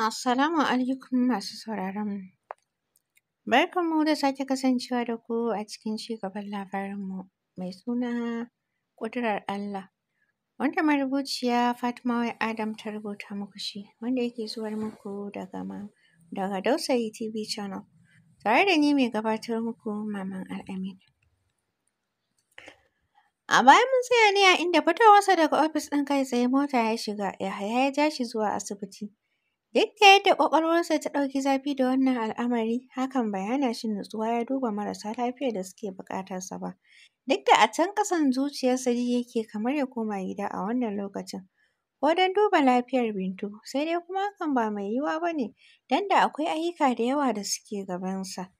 Assalamu alaikum masu sauraron Barkan mu da sake kasancewa da ku a cikin cigaban labarin mu mai suna ƙudurar Allah. Wanda marubuciya Fatimawai Adam ta rubuta muku shi wanda yake zuwar muku daga ma daga Dausayi TV Channel. Tare da ni mai gabatar muku Maman Al'amin. A baya mun tsaya ne a inda fitowarsa daga ofis ɗin kai tsaye mota ya shiga Yahaya ya ja shi zuwa asibiti. Duk da yadda ƙwaƙwalwarsa ta ɗauki zafi da wannan al'amari, hakan bai hana shi nutsuwa ya duba marasa lafiyar da suke buƙatarsa ba. Duk da a can ƙasan zuciyarsa ji yake kamar ya koma gida a wannan lokacin, ko don duba lafiyar Bintu, sai dai kuma hakan ba mai yiwuwa ba ne, don da akwai ayyuka da yawa da suke gabansa.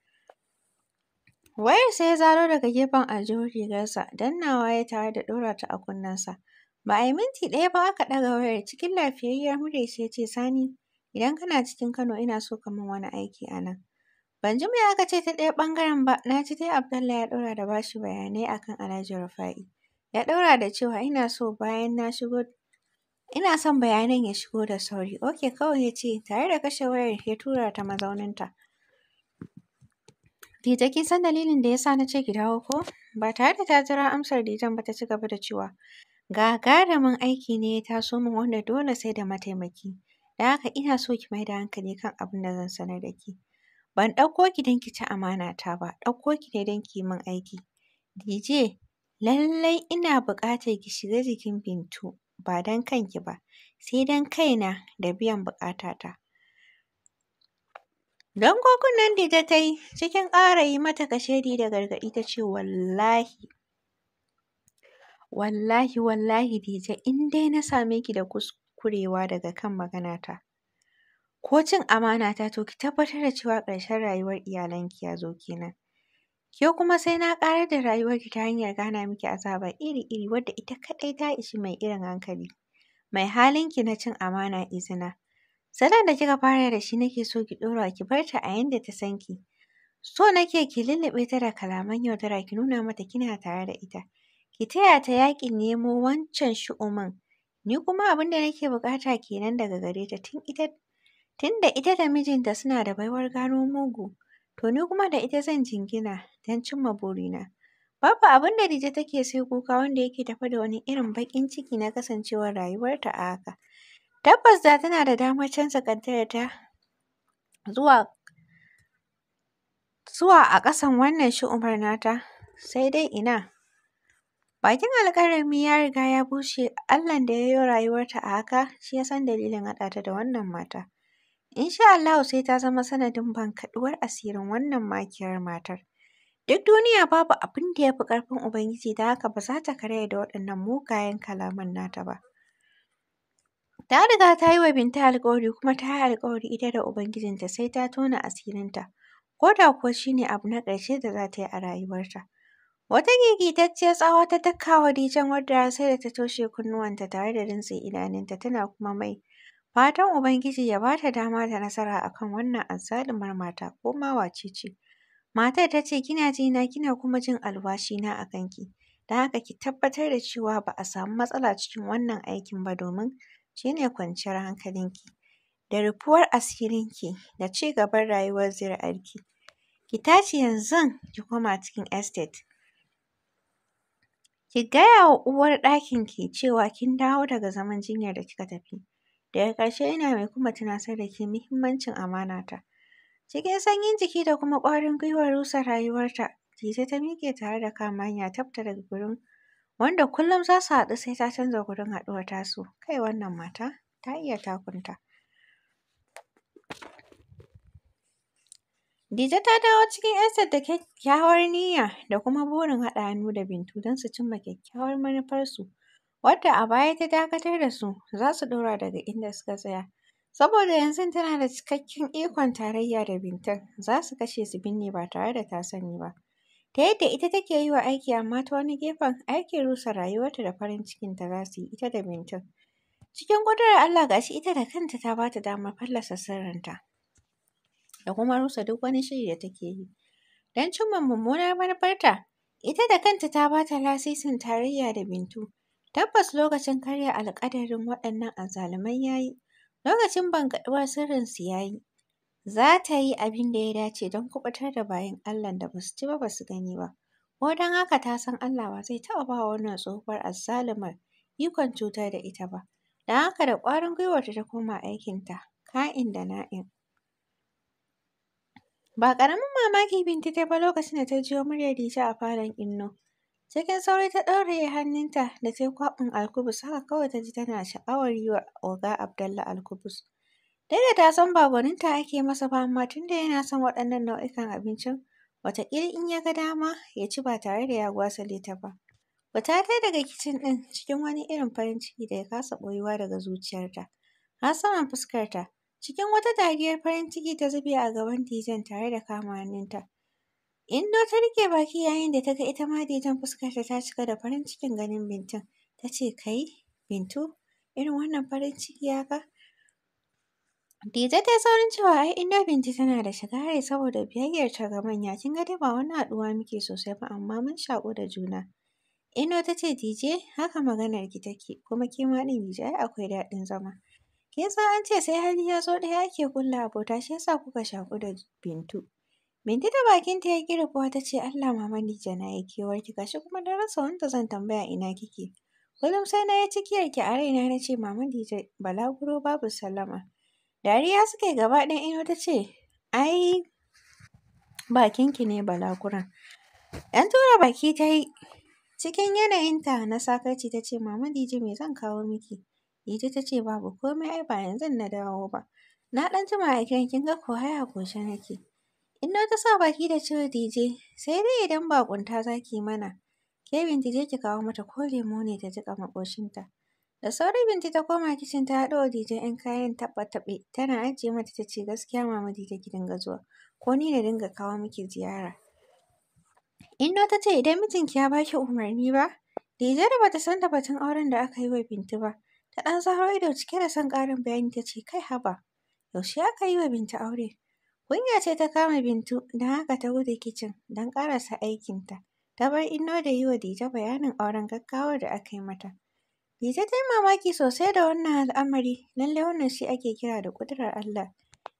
Wayarsa ya zaro daga gefen aljihun rigarsa, nawa ya tare da ɗora ta a kunnensa. Ba a yi minti ɗaya ba aka ɗaga wayar, cikin lafiyayyiyar murya ya ce, Sani. Idan kana cikin Kano ina so ka min wani aiki a nan. Ban ji me aka ce ta ɗaya ɓangaren ba, na ji dai Abdallah ya ɗora da bashi bayanai a kan Alhaji Rufa'i. Ya ɗora da cewa ina so bayan na shigo ina son bayanan ya shigo da sauri. Oke kawai ya ce tare da kashe wayar ya tura ta mazauninta. Dija kin san dalilin da ya sa na ce ki dawo ko? Ba tare da ta jira amsar Dijen ba ta ci gaba da cewa gagarumin aiki ne ya taso min wanda dole sai da mataimaki. Da haka ina so ki mai da hankali kan abin da zan sanar da ke. Ban ɗauko ki don ki ci amana ta ba, ɗauko ki ne don ki yi min aiki. DJ, lallai ina buƙatar ki shiga jikin Bintu ba don kanki ba, sai don kaina da biyan buƙatata. Dangogin nan Dije ta yi cikin ƙara yi mata kashedi da gargaɗi ta ce wallahi, wallahi wallahi Dije in dai na same ki da kuskure. kurewa daga kan maganata. Ko cin ta to ki tabbatar da cewa ƙarshen rayuwar iyalanki ya zo kenan. Ke kuma sai na ƙarar da rayuwarki ta hanyar gana miki azaba iri-iri wadda ita kaɗai ta ishi mai irin hankali. Mai halin ki na cin amana izina. Salon da kika fara da shi nake so ki ɗora ki bar ta a yanda ta san ki. So nake ki lulluɓe ta da kalaman yaudara ki nuna mata kina tare da ita. Ki taya ta yaƙin nemo wancan shu'umin Ni kuma abin da nake buƙata kenan daga gare ta tun ita tunda ita da mijinta suna da baiwar gano mugu, to ni kuma da ita zan jingina don cimma burina. Babu abin da Rija take sai kuka wanda yake tafe da wani irin baƙin ciki na kasancewar rayuwarta a haka. Tabbas da tana da damar canza ƙaddararta zuwa zuwa a ƙasan wannan shu'umar nata, sai dai ina. Bakin alƙalami ya riga ya bushe, Allahn da ya yo rayuwarta a haka shi ya san dalilin haɗa ta da wannan mata. sha Allahu sai ta zama sanadin bankaɗuwar asirin wannan makiyar matar. Duk duniya babu abin da ya fi ƙarfin Ubangiji da haka ba za ta karaya da waɗannan mugayen kalaman nata ba. Ta riga ta yi wa Binta alƙawari kuma ta yi alƙawari ita da Ubangijinta sai ta tona asirinta, ko da kuwa shi ne abu na ƙarshe da za ta yi a rayuwarta. Wata gigitacciyar tsawa ta daka wa Dijon wadda sai da ta toshe kunnuwanta tare da rintsin idanunta tana kuma mai fatan Ubangiji ya bata dama da nasara akan wannan azalumar mata ko ma wace ce. Matar ta ce kina ji na kina kuma jin na a kanki, don haka ki tabbatar da cewa ba a samu matsala cikin wannan aikin ba domin shi ne kwanciyar hankalinki da rufuwar asirinki da ci gaban rayuwar zuri'arki. Ki tashi yanzun ki koma cikin estate. ki gaya wa uwar ɗakin ki cewa kin dawo daga zaman jinyar da kika tafi. Daga ƙarshe ina mai kuma tunasar da ke muhimmancin amana ta Cikin sanyin jiki da kuma ƙwarin gwiwar rusa rayuwarta, Dije ta miƙe tare da kama hanya tab daga gurin wanda kullum za su haɗu sai ta canza gurin haɗuwar tasu. Kai wannan mata ta iya takunta. Dije ta dawo cikin ‘yarta da kyakkyawar niyya da kuma burin haɗa hannu da Bintu don su cimma kyakkyawar manufarsu wadda a baya ta dakatar da su, za su ɗora daga inda suka tsaya. Saboda yanzu tana da cikakken ikon tarayya da Bintun, za su kashe su binne ba tare da ta sani ba. Ta yadda ita take yi wa aiki amma ta wani gefen aikin rusa rayuwarta da farin cikinta za su yi ita da Bintun. Cikin ƙudurar Allah ga shi ita da kanta ta ba ta damar fallasa sirrinta. da kuma rusa duk wani shiri da take yi. Don cimma mummunar manufarta, ita da kanta ta ba ta lasisin tarayya da Bintu. Tabbas lokacin karya alƙadarin waɗannan azzalumai ya yi, lokacin ban bangaɗuwar sirrinsu ya yi. Za ta yi abin da ya dace don kuɓutar da bayan allah da ba su ci ba ba su gani ba. Ko don haka ta san Allah ba zai taɓa ba wannan tsohuwar azzalumar ikon cutar da ita ba. Don haka da ƙwarin gwiwarta ta koma aikinta, ka'in da na'in. Ba ƙaramin mamaki Binta ta ba lokacin da ta jiyo muryar Dija a falon Inno. Cikin sauri ta ɗauraye hannunta da ta yi kwaɓin alkubus haka kawai ta ji tana sha'awar yi wa oga Abdallah alkubus. Dai da ta san ba gwaninta ake masa ba amma tunda yana son waɗannan nau'ikan abincin wata wataƙila in ya ga dama ya ci ba tare da ya gwasale ta ba. Fita ta daga kicin ɗin cikin wani irin farin ciki da ya kasa ɓoyewa daga zuciyarta. Har saman fuskarta Cikin wata dariyar farin ciki ta zube a gaban Dijon tare da kama hannunta. Indo ta rike baki yayin da ta ga ita ma Dijon fuskarta ta cika da farin cikin ganin Bintun. Ta ce, kai, Bintu, irin wannan farin ciki haka? Dija ta saurin cewa ai Indo Bintu tana da shagari saboda biyayyarta ga manya kin ga dai ba wani haɗuwa muke sosai ba amma mun shaƙu da juna. Ino ta ce Dije haka maganar ki take kuma ke ma ɗin Dije ai akwai daɗin zama. Ke san an ce sai hali ya zo ɗaya ake kulla abota shi yasa kuka shaku da Bintu. Bintu da bakinta ya ƙi kuwa ta ce Allah mama Nija na ya kewar ki gashi kuma na rasa wanda zan tambaya ina kike. Kullum sai na yi cikiyar ki a raina na ce mama Nija balaguro babu salama. Dariya suka yi gaba ɗaya ino ta ce ai bakin ki ne balaguran. ‘Yan tura baki ta yi cikin yanayinta na sakaci ta ce mama Dije me zan kawo miki? Dije ta ce babu komai ai ba yanzu na dawo ba. Na ɗan jima a gidan kin ga ko haya goshe ƙoshe nake. na ta sa baki da cewa Dije sai dai idan ba kunta za ki mana. Ke Binti je ki kawo mata ko lemo ne ta jiƙa maƙoshinta. Da sauri Binti ta koma kicin ta haɗo wa Dije ‘yan kayan taɓe-taɓe tana ajiye mata ta ce gaskiya mama Dije ki dinga zuwa ko ni na dinga kawo miki ziyara. Inno ta ce idan mijinki ya baki umarni ba? Dije da bata san da batun auren da aka yi wa Binti ba. Ta ɗan zaro ido cike da son ƙarin bayani ta ce, kai haba, yaushe aka yi wa Bintu aure? Kunya ce ta kama Bintu, don haka ta bude kicin don ƙarasa aikinta. Ta bar Inno da yi wa dija bayanin auren gaggawar da aka yi mata. dija ta yi mamaki sosai da wannan al'amari, lallai wannan shi ake kira da ƙudurar Allah.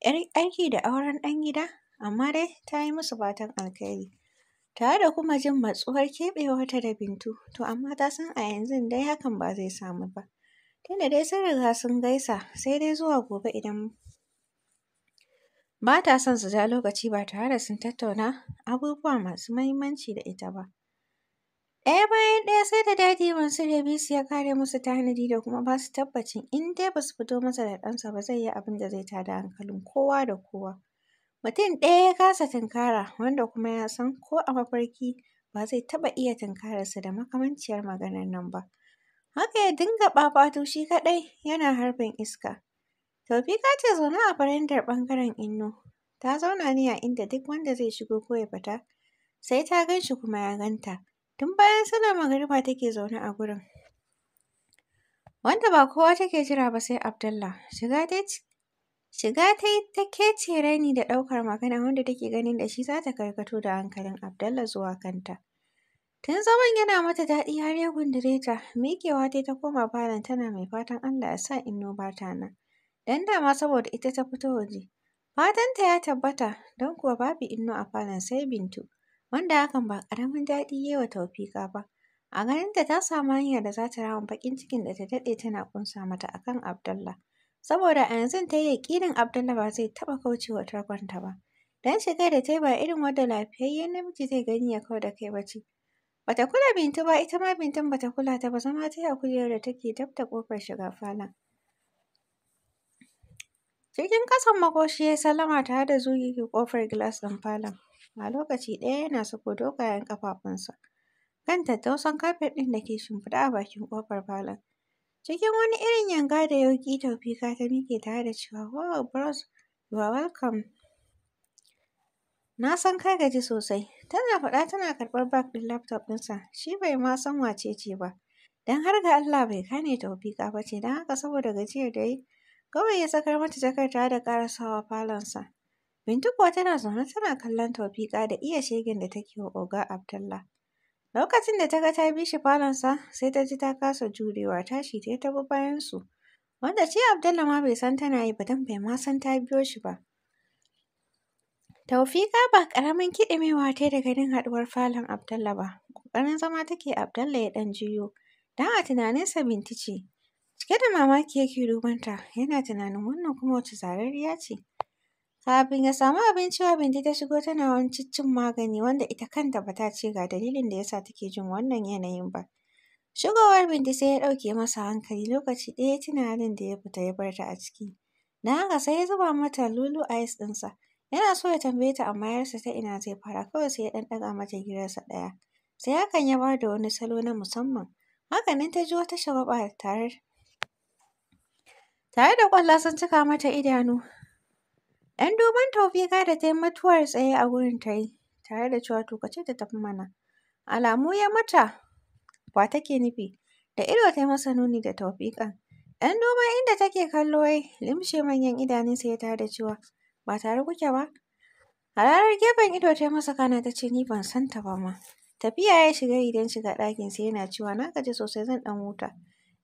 ‘Yar aiki da auren ɗan gida, amma dai ta yi musu fatan alkhairi. tare da kuma jin matsuwar keɓewa ta da Bintu, to amma ta san a yanzu dai hakan ba zai samu ba. tunda dai sun riga sun gaisa sai dai zuwa gobe idan ba ta son su ja lokaci ba tare da sun tattauna abubuwa masu mahimmanci da ita ba. Ɗaya bayan ɗaya sai da dadi Mansur ya bi su ya kare musu tanadi da kuma ba su tabbacin in dai ba su fito masa da ɗansa ba zai yi abin da zai tada hankalin kowa da kowa. Mutum ɗaya ya kasa tunkara wanda kuma ya san ko a mafarki ba zai taɓa iya tunkararsa da makamanciyar maganar nan ba. Haka ya dinga ɓaɓatu shi kaɗai yana harbin iska. Taufika ce zaune a barandar ɓangaren Inno. Ta zauna ne a inda duk wanda zai shigo ko ya fita sai ta gan shi kuma ya ganta. Tun bayan sallar magariba take zaune a gurin. Wanda ba kowa take jira ba sai abdullah Shiga dai Shiga ta yi ta raini da ɗaukar magana wanda take ganin da shi za ta karkato da hankalin abdullah zuwa kanta. Tun zaman yana mata daɗi har ya gundure ta, miƙewa tai ta koma falon tana mai fatan Allah ya sa Inno ba ta nan. Don dama saboda ita ta fito waje. Fatanta ya tabbata, don kuwa babu Inno a falon sai Bintu, wanda hakan ba ƙaramin daɗi ya yi wa Taufiƙa ba. A ganinta ta samu hanyar da za ta rama baƙin cikin da ta daɗe tana ƙunsa mata a kan Abdallah. Saboda a yanzu ta yi yaƙinin Abdallah ba zai taɓa kaucewa tarkonta ba. Don shigar da ta yi ba irin wanda lafiyayyen namiji zai gani ya kau da kai ba ce. Bata kula Bintu ba, ita ma Bintun bata kula ta ba, zama ta yi a kujerar da take dab da ƙofar shiga falon. Cikin ƙasan makoshi ya sallama ta da ke ƙofar gilas ɗin falon. A lokaci ɗaya yana sako dogayen ƙafafunsa kan tattausan kafet ɗin da ke shimfiɗe a bakin ƙofar falon. Cikin wani irin yanga da yauƙi Taufika ta miƙe tare da cewa wow bros you are welcome. Na san ka gaji sosai, Tana faɗa tana karɓar bag ɗin laptop ɗinsa, shi bai ma san wace ce ba. Don har ga Allah bai kane tofika ba ce, don haka saboda gajiyar da yi, kawai ya sakar mata jakarta da ƙarasawa falonsa. Bintu kuwa tana zaune tana kallon tofika da iya shegen da take wa Oga abdullah Lokacin da ta ga ta bi shi falonsa, sai ta ji ta kasa jurewa tashi ta yi ta bi bayansu. Wanda ce abdullah ma bai san tana yi ba don bai ma san ta biyo shi ba. Taufiƙa ba ƙaramin kiɗi ta yi da nan haɗuwar falon Abdullahi ba, ƙoƙarin zama take Abdullahi ya ɗan jiyo don a tunaninsa Binti ce. Cike da mamaki yake dubanta, yana tunanin wannan kuma wace zarariya ce. Kafin ya samu abinci wa binti ta shigo tana wani ciccin magani wanda ita kanta ba ta ce ga dalilin da ya sa take jin wannan yanayin ba. Shigowar binti sai ya ɗauke masa hankali lokaci ɗaya tunanin da ya fita ya bar ta a ciki. Na haka sai ya zuba mata lulu ice ɗinsa. Yana so ya tambaye ta amma yarsa ta ina zai fara kawai sai ya dan daga mata girarsa ɗaya. Sai hakan ya bada wani salo na musamman. nan ta ji wata shagwaɓa tare tare da ƙwalla sun cika mata idanu. ‘Yan duban Taufika da ta yi mutuwar tsaye a gurin ta yi tare da cewa to ka ce ta tafi mana. Alamu ya mata wa take nufi da ido ta yi masa nuni da Taufikan. ‘Yan duban inda take kallo ya limshe manyan idanunsa ya tare cewa ba tare kuke ba? ranar gefen ido ta masa kana ta ni ban san ta ba ma. Tafiya ya shiga idan shiga ɗakin sai yana cewa na gaji sosai zan ɗan huta.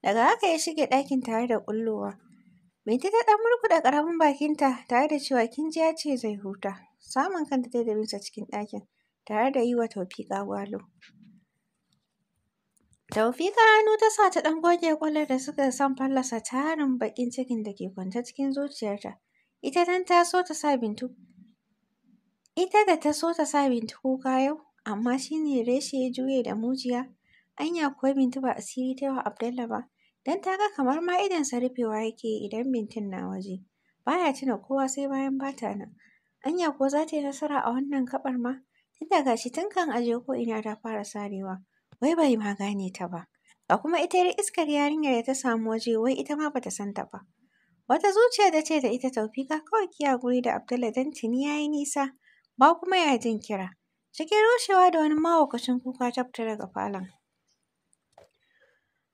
Daga haka ya shige ɗakin tare da ƙullowa. Binta ta ɗan murkuɗa ƙaramin bakinta tare da cewa kin ji ya ce zai huta. Samun kanta ta yi da sa cikin ɗakin tare da yi wa Taufiƙa gwalo. Taufiƙa hannu ta sa ta ɗan goge ƙwallon da suka san fallasa tarin baƙin cikin da ke kwance cikin zuciyarta. Ita dan ta so ta sa Bintu ita da ta so ta sa Bintu kuka yau, amma shi ne reshe ya juye da mujiya. Anya kuwa Bintu ba asiri ta yi wa Abdalla ba, Dan ta ga kamar ma idon sa rufewa yake idan Bintun na waje. Baya tuna kowa sai bayan bata na. Anya kuwa za ta yi nasara a wannan gaɓar ma, Tunda gashi tun kan aje ko ina ta fara sarewa. Wai bai ma gane ta ba. Ga kuma ita yar iskar yarinyar da ta samu waje wai ita ma bata san ta ba. Wata zuciya da ce da ita Taufika kawai kiya guri da Abdullahi don tuni ya yi nisa, ba kuma ya jin kira. Cikin rushewa da wani mahaukacin kuka ta fita daga falon.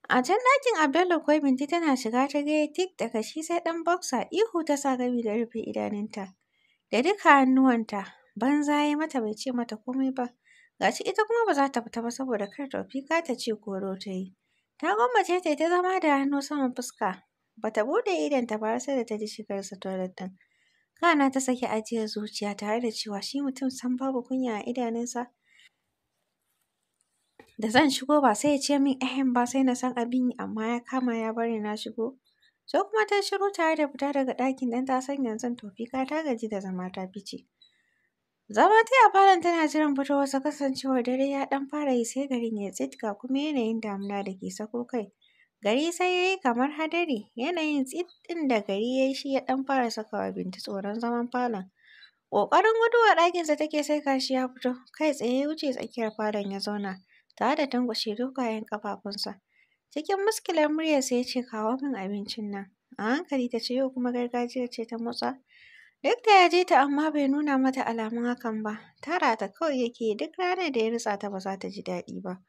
A can ɗakin Abdullahi kuwa Binti tana shiga ta ga tik da shi sai ɗan boxer ihu ta sa gami da rufe idanunta. Da duka hannuwanta, banza ya yi mata bai ce mata komai ba. ga shi ita kuma ba za ta fita ba saboda kar Taufika ta ce koro ta yi. Ta gwammace ta yi ta zama da hannu saman fuska Bata buɗe ta ba har sai da ta ji shigar sa toilet Ka Kana ta saki ajiyar zuciya tare da cewa shi mutum san babu kunya a idanunsa. Da zan shigo ba sai ya ce min ehem ba sai na san abin yi amma ya kama ya bari na shigo. So kuma ta shiru tare da fita daga dakin dan ta san yanzu ka ta gaji da zama ta fice. Zama ta a falon tana jiran fitowarsa kasancewar dare ya ɗan fara yi sai garin ya tsit ga kuma yanayin damuna da ke sako kai. Gari sai ya yi kamar hadari, yanayin tsit ɗin da gari ya yi shi ya ɗan fara sakawa Binta tsoron zaman falon. Ƙoƙarin guduwa ɗakinsa take sai shi ya fito, kai tsaye ya wuce tsakiyar falon ya zauna, tare da tankwashe dogayen ƙafafunsa. Cikin muskilar muryarsa ya ce, kawo min abincin nan. A hankali ta ce, yau kuma gargajiya ce ta motsa. Duk da ya je ta amma bai nuna mata alamun hakan ba, tara ta kawai yake duk ranar da ya ritsa ta ba za ta ji daɗi ba.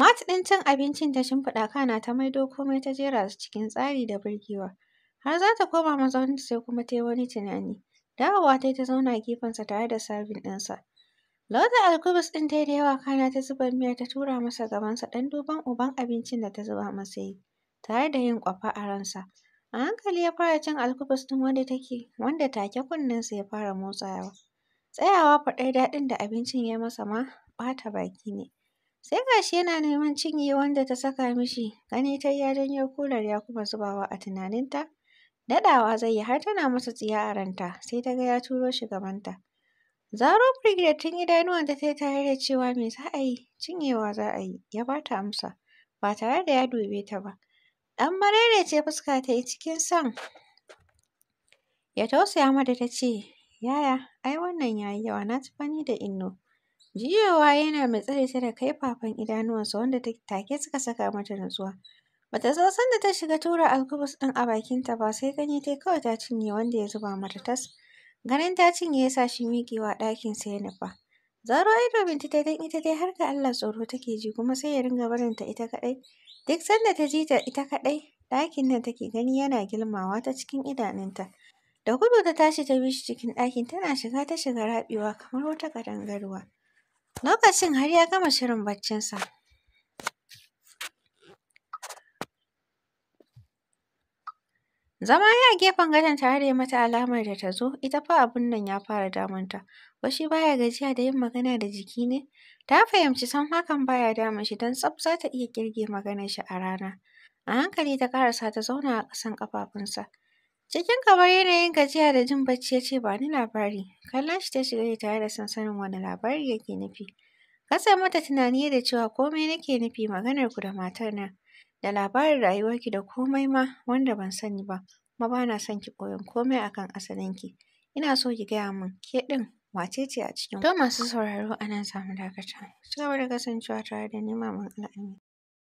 Mat ɗin cin abincin ta shimfiɗa kana ta maido komai ta jera su cikin tsari da burgewa. Har za ta koma mazauninta sai kuma ta yi wani tunani. Dawowa ta yi ta zauna sa tare da sabin sa Lauda alkubus ɗin ta yi da yawa kana ta zuba miya ta tura masa gabansa ɗan duban uban abincin da ta zuba masa yi. Tare da yin ƙwafa a ransa. A hankali ya fara cin alkubus ɗin wanda take wanda take kunnen sa ya fara motsawa. Tsayawa faɗar daɗin da abincin ya masa ma ɓata baki ne. Sai gashi yana neman cinye wanda ta saka mishi, gani ta ya janyo kular ya kuma zubawa a tunaninta. Daɗawa zai yi har tana masa tsiya a ranta, sai ta ga ya turo shi gabanta. Zaro tun idanuwanta ta yi tare da cewa mai za a yi, cinyewa za a yi, ya ba ta amsa, ba tare da ya dube ta ba. Ɗan ce fuska ta yi cikin son ya tausaya mata ta ce, yaya, ai wannan ya yi yawa, na ci da inno. jiyowa yana mai tsare ta da kaifafan idanuwansa wanda take suka saka mata nutsuwa. Bata san sanda ta shiga tura alkubus ɗin a bakinta ba sai gani tai kawai ta cinye wanda ya zuba mata tas. Ganin ta cinye ya sa shi miƙewa ɗakinsa ya nufa. Zaro ido Binta ta dai ita dai har ga Allah tsoro take ji kuma sai ya ringa barinta ita kaɗai. Duk sanda ta ji ta ita kaɗai ɗakin nan take gani yana girmawa ta cikin idanunta. Da gudu ta tashi ta bi shi cikin ɗakin tana shiga ta shiga raɓewa kamar wata ƙadangarwa. Lokacin har ya gama shirin baccinsa. Zama ya gefen gadon tare da yi mata alamar da ta zo, ita fa abin nan ya fara damunta. Washi ba ya gajiya da yin magana da jiki ne? Ta fahimci san hakan baya ya damun shi don tsaf za ta iya ƙirge maganar shi a rana. A hankali ta ƙarasa ta zauna a ƙasan ƙafafunsa. Cikin kamar yanayin gajiya da jin bacci ya ce ba ni labari. Kallon shi ta shiga yi tare da son sanin wani labari yake nufi. ka Kasa mata tunani da cewa komai nake nufi maganar ku da matar nan. Da labarin rayuwarki da komai ma wanda ban sani ba. Kuma ba na son ki koyon komai akan asalinki. Ina so ki gaya min ke ɗin wace ce a cikin. To masu sauraro a nan za dakata. Ku ci gaba da kasancewa tare da ni Maman Al'amin.